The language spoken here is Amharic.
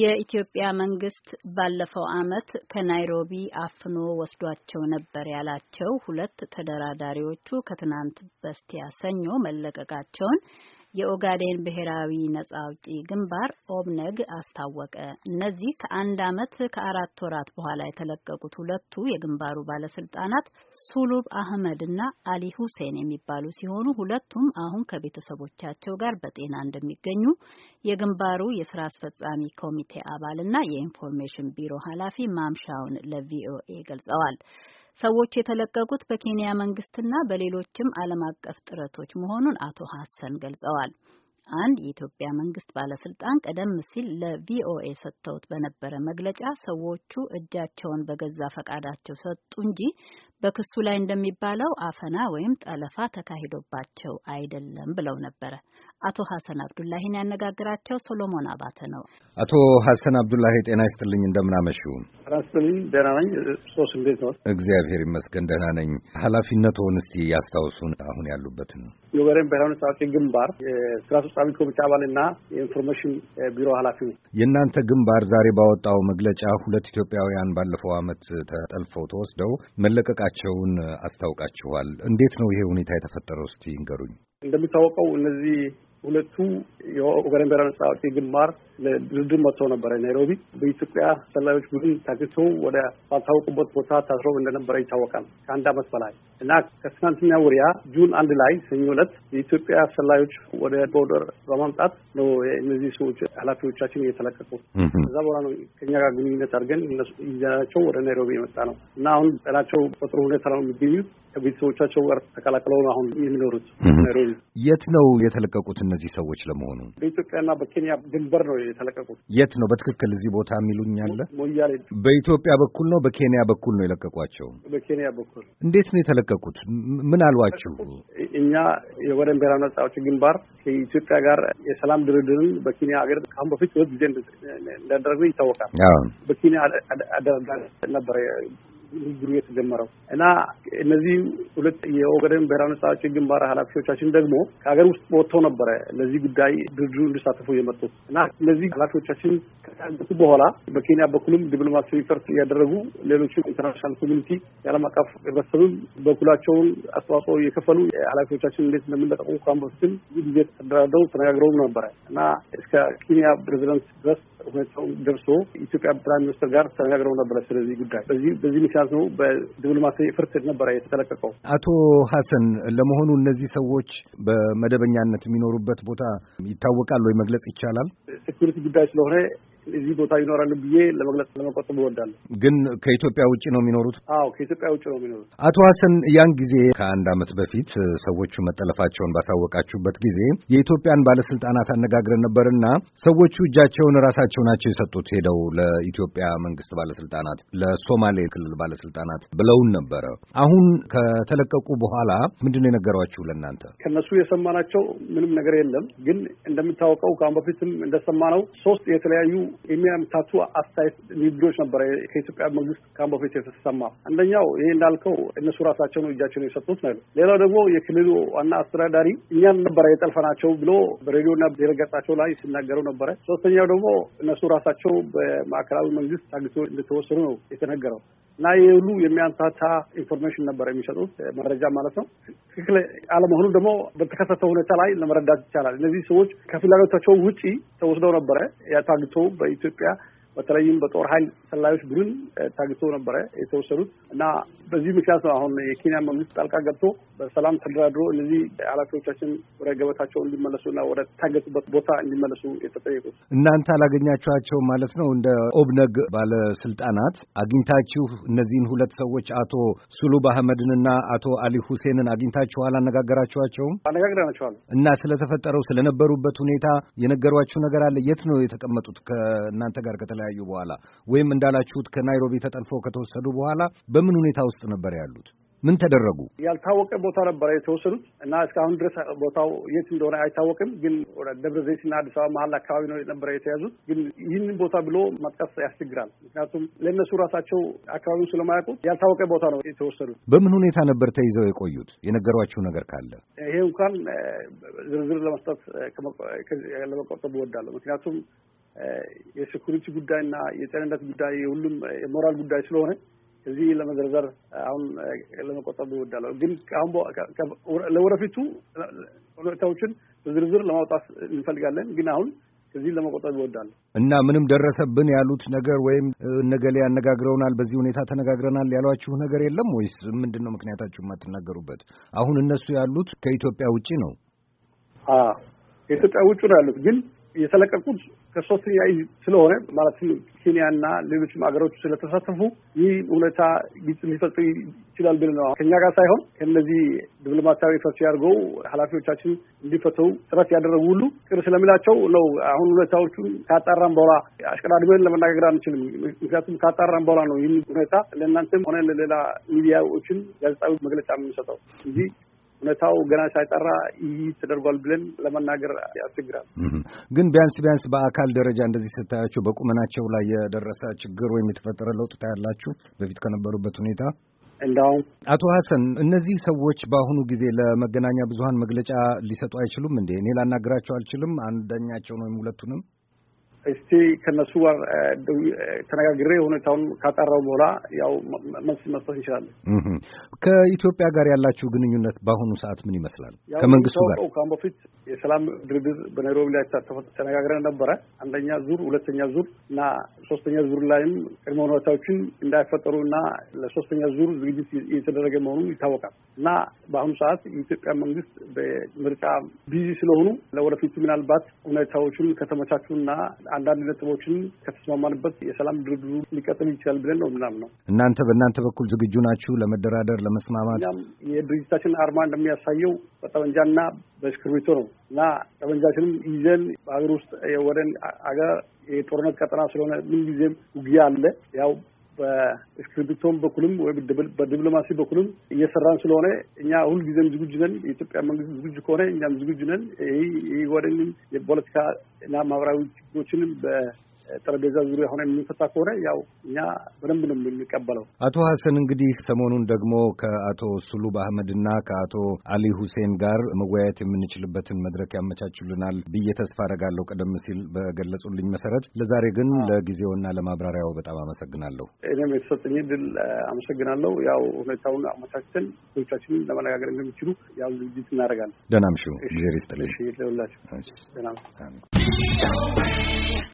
የኢትዮጵያ መንግስት ባለፈው አመት ከናይሮቢ አፍኖ ወስዷቸው ነበር ያላቸው ሁለት ተደራዳሪዎቹ ከትናንት በስቲያ ሰኞ መለቀቃቸውን የኦጋዴን ብሔራዊ ነጻ አውጪ ግንባር ኦብነግ አስታወቀ። እነዚህ ከአንድ ዓመት ከአራት ወራት በኋላ የተለቀቁት ሁለቱ የግንባሩ ባለስልጣናት ሱሉብ አህመድ እና አሊ ሁሴን የሚባሉ ሲሆኑ ሁለቱም አሁን ከቤተሰቦቻቸው ጋር በጤና እንደሚገኙ የግንባሩ የስራ አስፈጻሚ ኮሚቴ አባል እና የኢንፎርሜሽን ቢሮ ኃላፊ ማምሻውን ለቪኦኤ ገልጸዋል። ሰዎች የተለቀቁት በኬንያ መንግስትና በሌሎችም ዓለም አቀፍ ጥረቶች መሆኑን አቶ ሀሰን ገልጸዋል። አንድ የኢትዮጵያ መንግስት ባለስልጣን ቀደም ሲል ለቪኦኤ ሰጥተውት በነበረ መግለጫ ሰዎቹ እጃቸውን በገዛ ፈቃዳቸው ሰጡ እንጂ በክሱ ላይ እንደሚባለው አፈና ወይም ጠለፋ ተካሂዶባቸው አይደለም ብለው ነበረ። አቶ ሀሰን አብዱላሂን ያነጋግራቸው ሶሎሞን አባተ ነው። አቶ ሀሰን አብዱላሂ ጤና ይስጥልኝ፣ እንደምናመሹ ራስልኝ። ደህና ነኝ። ሶስ እንዴት ነው? እግዚአብሔር ይመስገን ደህና ነኝ። ኃላፊነትዎን እስቲ ያስታውሱን፣ አሁን ያሉበትን። የወሬን ብሔራዊ ነጻነት ግንባር የስራ አስፈጻሚ ኮሚቴ አባልና የኢንፎርሜሽን ቢሮ ኃላፊ የእናንተ ግንባር ዛሬ ባወጣው መግለጫ ሁለት ኢትዮጵያውያን ባለፈው ዓመት ተጠልፈው ተወስደው መለቀቃቸውን አስታውቃችኋል። እንዴት ነው ይሄ ሁኔታ የተፈጠረው? እስቲ ይንገሩኝ። እንደሚታወቀው እነዚህ ሁለቱ የኦጋዴን ብሔራዊ ነጻ አውጪ ግንባር ለድርድር መጥተው ነበረ ናይሮቢ። በኢትዮጵያ ሰላዮች ቡድን ታግቶ ወደ ባልታወቁበት ቦታ ታስሮ እንደነበረ ይታወቃል ከአንድ ዓመት በላይ እና ከትናንትና ውሪያ ጁን አንድ ላይ ሰኞ ዕለት የኢትዮጵያ ሰላዮች ወደ ቦርደር በማምጣት ነው እነዚህ ሰዎች ኃላፊዎቻችን እየተለቀቁ ከዛ በኋላ ነው ከኛ ጋር ግንኙነት አድርገን ይዘናቸው ወደ ናይሮቢ የመጣ ነው እና አሁን ጤናቸው በጥሩ ሁኔታ ነው የሚገኙት። ከቤተሰቦቻቸው ጋር ተቀላቅለው አሁን የሚኖሩት የት ነው የተለቀቁት እነዚህ ሰዎች ለመሆኑ? በኢትዮጵያና በኬንያ ድንበር ነው የተለቀቁት። የት ነው በትክክል እዚህ ቦታ የሚሉኝ አለ? ሞያሌ። በኢትዮጵያ በኩል ነው በኬንያ በኩል ነው የለቀቋቸው? በኬንያ በኩል። እንዴት ነው የተለቀቁት? ምን አሏችሁ? እኛ የወደን ብሔራዊ ነጻ አውጪ ግንባር ከኢትዮጵያ ጋር የሰላም ድርድርን በኬንያ ሀገር ከአሁን በፊት ሁለት ጊዜ እንዳደረግነው ይታወቃል። በኬንያ አደረጋ ነበር? ንግግሩ የተጀመረው እና እነዚህ ሁለት የኦገደን ብሔራዊ ነጻ ግንባር ኃላፊዎቻችን ደግሞ ከሀገር ውስጥ ወጥተው ነበረ ለዚህ ጉዳይ ድርድሩ እንዲሳተፉ የመጡት እና እነዚህ ኃላፊዎቻችን ከታገቱ በኋላ በኬንያ በኩልም ዲፕሎማሲያዊ ፈርት እያደረጉ ሌሎቹ ኢንተርናሽናል ኮሚኒቲ የዓለም አቀፍ ህብረተሰብም በኩላቸውን አስተዋጽኦ የከፈሉ ኃላፊዎቻችን እንዴት እንደምንለቀቁ ከአሁን በፊትም ብዙ ጊዜ ተደራደው ተነጋግረው ነበረ እና እስከ ኬንያ ፕሬዚደንት ድረስ ሁኔታው ደርሶ ኢትዮጵያ ጠቅላይ ሚኒስትር ጋር ተነጋግረው ነበረ ስለዚህ ጉዳይ በዚህ በዚህ የተያዝነው በዲፕሎማሲ ፍርድ ነበረ የተለቀቀው። አቶ ሀሰን ለመሆኑ እነዚህ ሰዎች በመደበኛነት የሚኖሩበት ቦታ ይታወቃል ወይ መግለጽ ይቻላል? ሴኩሪቲ ጉዳይ ስለሆነ እዚህ ቦታ ይኖራሉ ብዬ ለመግለጽ ለመቆጠብ እወዳለሁ። ግን ከኢትዮጵያ ውጭ ነው የሚኖሩት? አዎ ከኢትዮጵያ ውጭ ነው የሚኖሩት። አቶ ሀሰን ያን ጊዜ ከአንድ ዓመት በፊት ሰዎቹ መጠለፋቸውን ባሳወቃችሁበት ጊዜ የኢትዮጵያን ባለስልጣናት አነጋግረን ነበርና ሰዎቹ እጃቸውን ራሳቸው ናቸው የሰጡት ሄደው ለኢትዮጵያ መንግስት ባለስልጣናት፣ ለሶማሌ ክልል ባለስልጣናት ብለውን ነበረ። አሁን ከተለቀቁ በኋላ ምንድን ነው የነገሯችሁ ለእናንተ? ከነሱ የሰማናቸው ምንም ነገር የለም። ግን እንደሚታወቀው ከአሁን በፊትም እንደሰማነው ሶስት የተለያዩ የሚያምታቱ አስተያየት ውድድሮች ነበረ ከኢትዮጵያ መንግስት ከአሁን በፊት የተሰማ። አንደኛው ይሄ እንዳልከው እነሱ ራሳቸው ነው እጃቸውን የሰጡት ነው። ሌላው ደግሞ የክልሉ ዋና አስተዳዳሪ እኛን ነበረ የጠልፈናቸው ብሎ በሬዲዮና ድረገጻቸው ላይ ሲናገሩ ነበረ። ሶስተኛው ደግሞ እነሱ ራሳቸው በማዕከላዊ መንግስት ታግቶ እንደተወሰኑ ነው የተነገረው። እና ይህ ሁሉ ኢንፎርሜሽን ነበር የሚሰጡት መረጃ ማለት ነው። ትክክል አለመሆኑ ደግሞ በተከሰተው ሁኔታ ላይ ለመረዳት ይቻላል። እነዚህ ሰዎች ከፍላጎታቸው ውጪ ተወስደው ነበረ ታግቶ በኢትዮጵያ በተለይም በጦር ኃይል ሰላዮች ቡድን ታግቶ ነበረ የተወሰዱት እና በዚህ ምክንያት ነው አሁን የኬንያ መንግስት ጣልቃ ገብቶ በሰላም ተደራድሮ እነዚህ ኃላፊዎቻችን ወደ ገበታቸው እንዲመለሱና ወደ ታገቱበት ቦታ እንዲመለሱ የተጠየቁት። እናንተ አላገኛችኋቸው ማለት ነው? እንደ ኦብነግ ባለስልጣናት አግኝታችሁ እነዚህን ሁለት ሰዎች አቶ ሱሉብ አህመድንና አቶ አሊ ሁሴንን አግኝታችሁ አላነጋገራችኋቸውም? አነጋግረናቸዋል። እና ስለተፈጠረው ስለነበሩበት ሁኔታ የነገሯችሁ ነገር አለ? የት ነው የተቀመጡት ከእናንተ ጋር ከተለያዩ በኋላ ወይም እንዳላችሁት ከናይሮቢ ተጠልፈው ከተወሰዱ በኋላ በምን ሁኔታ ውስጥ ነበር ያሉት። ምን ተደረጉ? ያልታወቀ ቦታ ነበረ የተወሰዱት እና እስካሁን ድረስ ቦታው የት እንደሆነ አይታወቅም። ግን ደብረ ዘይትና አዲስ አበባ መሀል አካባቢ ነው ነበረ የተያዙት። ግን ይህንን ቦታ ብሎ መጥቀስ ያስቸግራል። ምክንያቱም ለእነሱ ራሳቸው አካባቢውን ስለማያውቁት ያልታወቀ ቦታ ነው የተወሰዱት። በምን ሁኔታ ነበር ተይዘው የቆዩት? የነገሯችሁ ነገር ካለ ይሄ እንኳን ዝርዝር ለመስጠት ለመቆጠብ እወዳለሁ። ምክንያቱም የሴኩሪቲ ጉዳይና የጤንነት ጉዳይ የሁሉም የሞራል ጉዳይ ስለሆነ እዚህ ለመዘርዘር አሁን ለመቆጠብ ይወዳለሁ፣ ግን አሁን ለወደፊቱ ሁኔታዎችን ዝርዝር ለማውጣት እንፈልጋለን፣ ግን አሁን እዚህ ለመቆጠብ ይወዳለሁ እና ምንም ደረሰብን ያሉት ነገር ወይም እነገሌ ያነጋግረውናል፣ በዚህ ሁኔታ ተነጋግረናል ያሏችሁ ነገር የለም ወይስ ምንድን ነው ምክንያታችሁ የማትናገሩበት? አሁን እነሱ ያሉት ከኢትዮጵያ ውጭ ነው። ከኢትዮጵያ ውጭ ነው ያሉት ግን የተለቀቁት ከሶስት ከሶስተኛ ስለሆነ ማለትም ኬንያና ሌሎችም ሀገሮች ስለተሳተፉ ይህ ሁኔታ ግጭት ሊፈጥር ይችላል ብል ነው። ከኛ ጋር ሳይሆን ከነዚህ ዲፕሎማሲያዊ ፈርሲ ያድርገው ኃላፊዎቻችን እንዲፈተው ጥረት ያደረጉ ሁሉ ቅር ስለሚላቸው ነው። አሁን ሁኔታዎቹን ካጣራን በኋላ አሽቀዳድመን ለመነጋገር አንችልም። ምክንያቱም ካጣራን በኋላ ነው ይህ ሁኔታ ለእናንተም ሆነ ለሌላ ሚዲያዎችን ጋዜጣዊ መግለጫ የምንሰጠው እንጂ ሁኔታው ገና ሳይጠራ ይህ ተደርጓል ብለን ለመናገር ያስቸግራል። ግን ቢያንስ ቢያንስ በአካል ደረጃ እንደዚህ ስታያቸው በቁመናቸው ላይ የደረሰ ችግር ወይም የተፈጠረ ለውጥ ታያላችሁ በፊት ከነበሩበት ሁኔታ? እንዳውም አቶ ሀሰን እነዚህ ሰዎች በአሁኑ ጊዜ ለመገናኛ ብዙኃን መግለጫ ሊሰጡ አይችሉም እንዴ? እኔ ላናገራቸው አልችልም አንደኛቸውን ወይም ሁለቱንም እስቲ ከነሱ ጋር ተነጋግሬ ሁኔታውን ካጠራው በኋላ ያው መልስ መስጠት እንችላለን። ከኢትዮጵያ ጋር ያላችሁ ግንኙነት በአሁኑ ሰዓት ምን ይመስላል? ከመንግስቱ ጋር ካሁን በፊት የሰላም ድርድር በናይሮቢ ላይ ተነጋግረን ነበረ። አንደኛ ዙር፣ ሁለተኛ ዙር እና ሶስተኛ ዙር ላይም ቅድመ ሁኔታዎችን እንዳይፈጠሩ እና ለሶስተኛ ዙር ዝግጅት እየተደረገ መሆኑ ይታወቃል እና በአሁኑ ሰዓት የኢትዮጵያ መንግስት በምርጫ ቢዚ ስለሆኑ ለወደፊቱ ምናልባት ሁኔታዎቹን ከተመቻቹና አንዳንድ ነጥቦችን ከተስማማንበት የሰላም ድርድሩ ሊቀጥል ይችላል ብለን ነው ምናምን ነው። እናንተ በእናንተ በኩል ዝግጁ ናችሁ ለመደራደር ለመስማማት? የድርጅታችን አርማ እንደሚያሳየው በጠመንጃና በእስክርቢቶ ነው እና ጠመንጃችንም ይዘን በሀገር ውስጥ ወደ አገር የጦርነት ቀጠና ስለሆነ ምን ጊዜም ውጊያ አለ ያው በእስክሪብቶም በኩልም ወይም በዲፕሎማሲ በኩልም እየሰራን ስለሆነ እኛ ሁልጊዜም ዝግጁ ነን። የኢትዮጵያ መንግስት ዝግጁ ከሆነ እኛም ዝግጁ ነን። ይህ ወደንም የፖለቲካና ማህበራዊ ችግሮችንም ጠረጴዛ ዙሪያ ሆነ የሚፈታ ከሆነ ያው እኛ በደንብ ነው የሚቀበለው። አቶ ሀሰን እንግዲህ ሰሞኑን ደግሞ ከአቶ ሱሉብ አህመድና ከአቶ አሊ ሁሴን ጋር መወያየት የምንችልበትን መድረክ ያመቻቹልናል ብዬ ተስፋ አደርጋለሁ። ቀደም ሲል በገለጹልኝ መሰረት ለዛሬ ግን ለጊዜውና ለማብራሪያው በጣም አመሰግናለሁ። እኔም የተሰጠኝ ድል አመሰግናለሁ። ያው ሁኔታውን አመቻችተን ሁኔታችንን ለመነጋገር እንደሚችሉ ያው ዝግጅት እናደርጋለን። ደህና እምሽው ጊዜ ሪስጥልኝ ለሁላችሁ ደህና